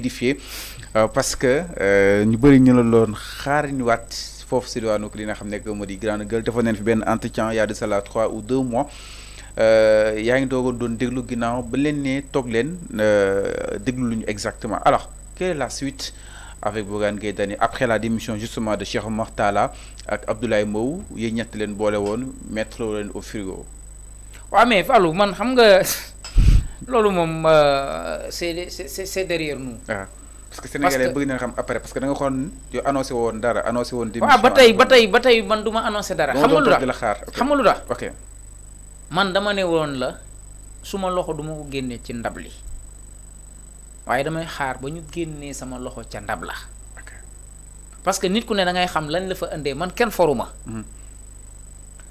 édifié euh, parce que euh, ñu bari ñu la loon xaariñu wat fofu ci diwaanu ko dina xam nekk moo Grande Gueule defoon nañ fi ben entretien ya de cela 3 ou 2 mois euh, yaa ngi dogo doon deglu ginaaw ba leen ne tok leen euh deglu luñu exactement alors quelle est la suite avec Bougane Gueye après la démission justement de Cheikh Oumar Talla ak Abdoulaye Mbow yéen ñett leen bolé won mettre leen au frigo. wa mais fallu man xam nga. Lalu moom c'est eh, c'est c'est derrière nous. ah parce que sénégalais bëgg na xam après parce que da nga xoon yo annoncer won dara annoncer won démission ah batay batay batay man duma annoncer dara. xam nga lu tax xam nga lu tax ok man dama né won la suma loxo duma ko génné ci ndab li waaye damay xaar ba ñu génné sama loxo ci ndab la. parce que nit ku ne da ngay xam lan la fa ëndé man foruma mhm.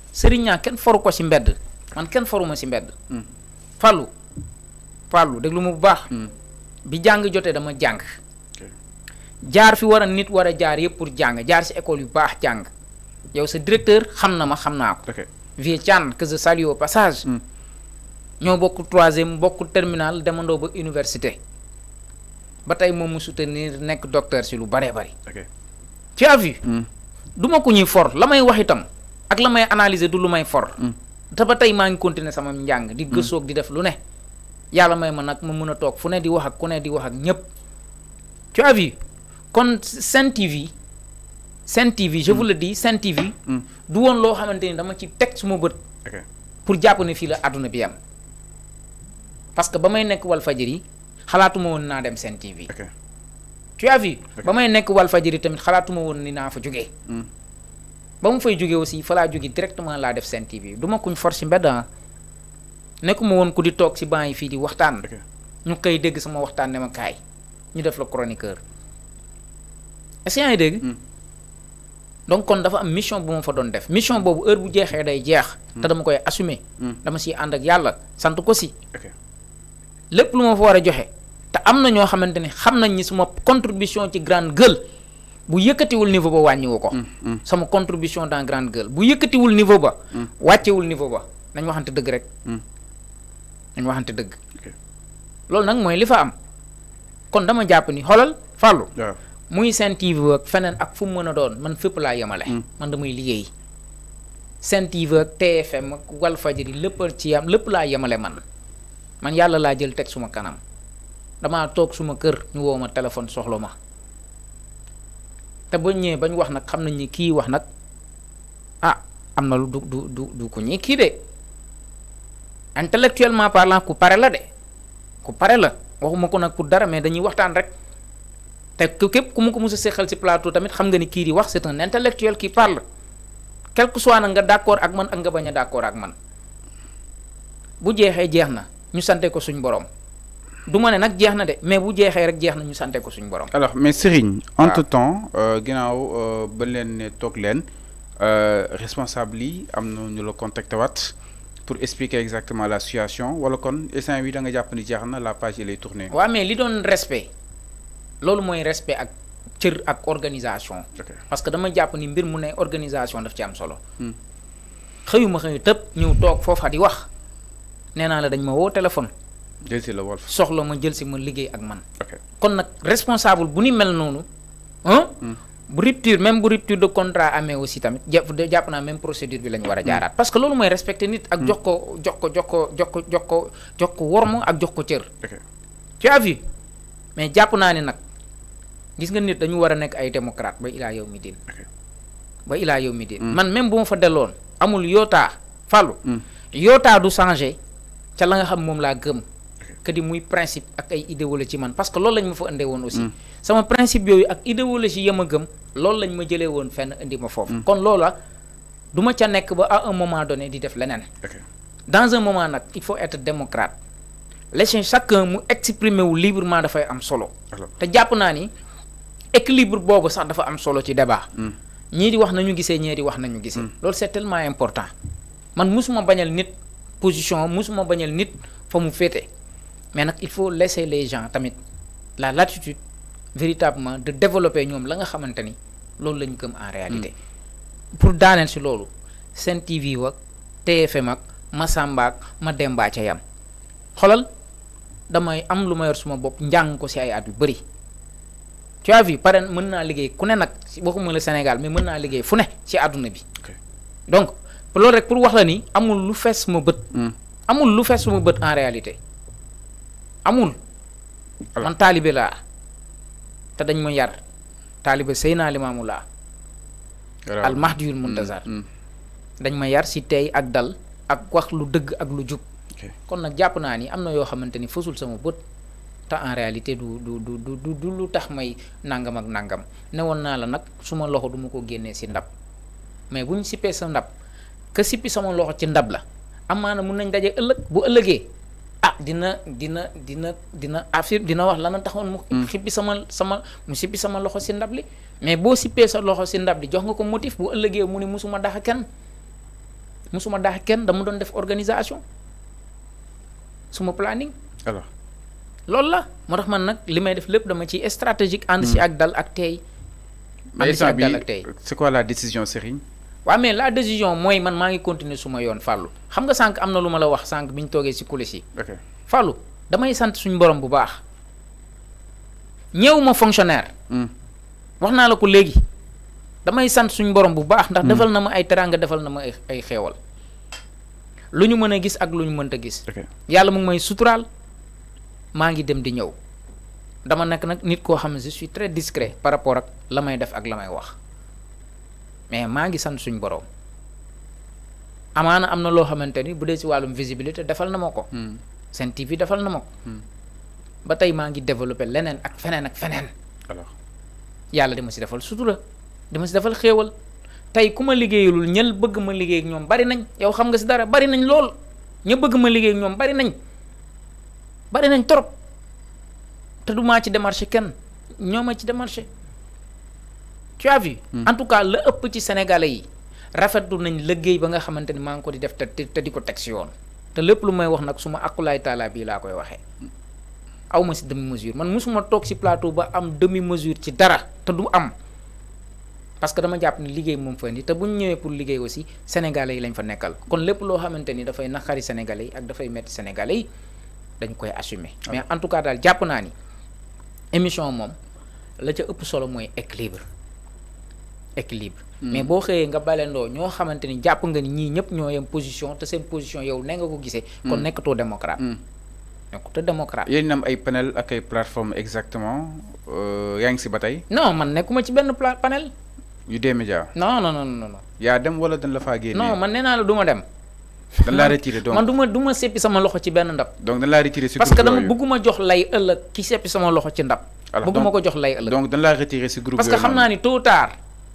Serigne Niang foru ko ci mbedd man ken foruma ci mbedd. Mhm. fallu Fallou lu ma bu baax. Hmm. bi jàng jotee dama jàng. jaar fi war a nit war a jaar yëpp pour jàng jaar si école yu baax jàng yow sa directeur xam na ma xam naa ko. vie Thian que je salue passage. Hmm. ñoo bokk troisième bokk terminal demandoo ba université ba tey moom mu soutenir nekk docteur si lu baree bari. tu as vu. Hmm. ko ñuy for la may wax itam ak la may analyser du lu may for. te ba tey maa ngi continuer sama njàng. di gëstoog di def lu ne. yalla may ma nag ma mën a toog di wax ak kune di wax ak ñep tu as vu kon Sen TV Sen TV je vous mm. le dis Sen TV. Mm. du won lo xamanteni dama ci teg suma beut pour japp ne fi la aduna bi am parce que ba may nekk Walfadjri xalatuma won na dem Sen TV. tu as vu ba may nekk tamit xalatuma won ni na fa jógee. Mm. ba fay jógee aussi fa la jógee directement la def Sen TV duma kuñ force mbedd ah. nekkuma won ku di tok ci banc yi di waxtan ñu kay deg sama waxtan ne ma ñu def la chroniqueur est-ce ay deg hmm. donc kon dafa am mission bu ma fa don def mission bobu heure bu jexé day jex hmm. ta dama koy assumer hmm. dama ci and ak yalla sant ko si lepp lu ma fa wara joxé ta amna ño xamanteni xamnañ ni suma contribution ci grande gueule bu wul niveau ba wañi wuko sama contribution dans grande gueule bu wul niveau ba wul niveau ba nañ waxante deug rek dañ waxante deug nang nak moy li fa am kon dama japp ni xolal fallu muy seen TV ak fenen ak fu meuna doon man fepp la yemale mm. man damay liggéey seen TV ak TFM ak Walfajri lepp ci am lepp la yemale man man yalla la jël tek suma kanam dama tok suma kër ñu woma ma téléphone soxla ma te ba bañ wax nak xamnañ ni ki wax nak ah amna lu du du du ko ñi ki dé ma parlant ku pare la de ku pare la waxuma ko nag pour dara mais dañuy waxtan rek te ku kep ku mu ko si plateau tamit xam nga ni ki di wax c'est un intellectuel qui parle quel que soit nga d'accord ak man ak nga baña d'accord ak man bu jeexee jeex ñu santé ko suñ borom duma né nak nag dé de mais bu jeexee rek jeex ñu santé ko suñ borom. alors mais Serigne. entre temps euh, euh ba né ne len euh responsable yi am ñu le contacter wat pour expliquer exactement la situation wala kon instant bi da nga ni jeex la page est tourner. waaw mais li donne respect loolu mooy respect ak tir ak organisation. parce que dama jàpp ni mbir mu ne organisation daf ci am solo. Hmm. xëyuma xëyu tëb ñëw toog foofa di wax nee naa la dañ ma woo téléphone. jël si la wolf soxla ma jël si ma liggéey ak man. kon responsable bu ni mel noonu. Hein? Hmm. rupture même bu rupture de contrat amé aussi tamit japp na même procédure bi lañ wara hmm. jaarat parce que lolu moy respecté nit ak hmm. jox ko jox ko jox ko jox ko jox ko jox ko worma ak jox ko cieur tu as vu mais japp na ni nak gis nga nit dañu wara nek ay démocrate ba ila yow mi diin ba ila yow mi diin hmm. man même bu ma fa delone amul yota fallu yota du changer ca la nga xam mom la gëm que di muy principe ak ay idéologie man parce que lolu lañ ma fa indee won aussi sama principe yoyu ak idéologie yama gëm loolu lañ ma jëlee woon fenn indi ma foofu. Mm. kon loola du ma ca nekk ba à un moment donné di def leneen. dans un moment nag il faut être démocrate laisser chacun mu exprimer wu librement dafay am solo. te jàpp naa ni équilibre boobu sax dafa am solo ci débat. Mm. ñii di wax nañu gisee ñii di wax nañu gisee. Mm. loolu c'est tellement important man musuma bañal nit position musuma bañal nit fa mu féete mais nag il faut laisser les gens tamit la latitude véritablement de développer ñoom la nga xamante ni. loolu lañ gëm en réalité. Mm. pour daaneel si loolu Sen TV wak TFM ak Masamba ak Mademba ca yam xolal damay am lu ma yor suma bopp njàng ko si ay at yu bëri. tu as vu pare mën naa liggéey ku ne nag waxuma le Sénégal mais mën naa liggéey fu ne ci aduna bi. donc loolu rek pour wax la ni amul lu fees suma bët. Mm. amul lu fees bët en réalité amul. man talibé laa te dañ ma yar. taaliba Seydina Limaamu Laa al mahdiyul mm, muntazar mm. dañ ma yar si tey ak dal ak wax lu dëgg ak lu jub kon nag jàpp naa ni am na yoo xamante ni fësul sama bët te en réalité du du du lu tax may nangam ak nangam ne woon naa la nag suma loxo du ma ko génnee si ndab mais bu ñu sippee sa ndab ka sippi sama loxo ci ndab la amaana mun nañ daje ëllëg bu ëllëgee ah dina dina dina dina affir dina wax lana taxoon mu hmm. xippi sama sama mu sippi sama loxo si ndab li mais boo sippee sa loxo si ndab li jox nga ko motif bu ëllëgee mu ne mosuma dax kenn mosuma dax kenn dama doon def organisation suma planning alors loolu la moo tax man nag li may def lépp dama ci stratégique ànd si hmm. ak dal ak tey ànd si ak dal ak tey c'est quoi la décision Serigne wa mais la décision moy man ma ngi continuer suma yone fallu xam nga sank am luma la wax sank biñ toge ci coulisse yi. ok fallu damay sant suñ borom bu baax ñewuma ma fonctionnaire. hmm waxna la ko legui damay sant suñ borom bu baax. ndax hmm. defal na ma ay teranga defal na ma ay ay xeewal lu gis ak luñu mënta gis. mu may sutural ma ngi dem di ñew dama nak nak nit ko xam je suis très discret par rapport ak lamay def ak lamay wax. mais maa ngi sant suñ borom amaana am na loo xamante ni bu dee si wàllum visibilité defal na ma ko. Hmm. seen TV defal na ma ko. Hmm. ba tey maa ngi développé leneen ak feneen ak feneen. alors yàlla dama si defal sutura dama si defal xéewal tey ku ma liggéeyalul ñel bëgg ma liggéey ak ñoom bari nañ yow xam nga si dara bari nañ lool ña bëgg ma liggéey ñoom bari nañ bari nañ trop te du maa ci demarché kenn ñoo ma ci démarché. tu as vu en tout cas le ëpp ci sénégalais yi rafetlu nañ liggéey ba nga xamanteni maa ngi ko di def te te di ko yoon te lépp lu may wax nag suma taala bii laa koy waxee aw ma si demi mesure man musuma toog si plateau ba am demi mesure ci dara te du am parce que dama jàpp ni liggéey moom fa indi te buñ ñu ñëwee pour liggéey aussi sénégalais yi lañ fa nekkal kon lépp loo xamante ni dafay naqari sénégalais yi ak dafay metti sénégalais yi dañ koy assumer. Ah. mais en tout cas daal jàpp naa ni émission moom la ca ëpp solo mooy équilibre. équilibre hmm. mais boo xëyee nga balendoo ñoo xamante ni jàpp nga ni ñii ñëpp ñoo yem position te seen position yow ne nga ko gisee hmm. kon nekkatoo démocrate hmm. nekkatoo démocrate yéen am ay panel ak ay plateforme exactement euh, yaa ngi si ba tey non man nekkuma ci benn panel yu dee média non non non non yaa dem wala dañ la faa génne non man nee naa la duma dem dañ laa retiré donc man du ma du ma seppi sama loxo ci benn ndab donc dañ laa retiré si parce que dama bëgguma jox lay ëllëg ki seppi sama loxo ci ndab bëgguma ko jox lay ëllëg donc dañ laa xam naa ni tôt ou tard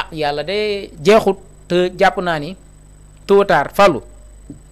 ah yàlla de jeexut te jàpp naa ni tôt tard fàllu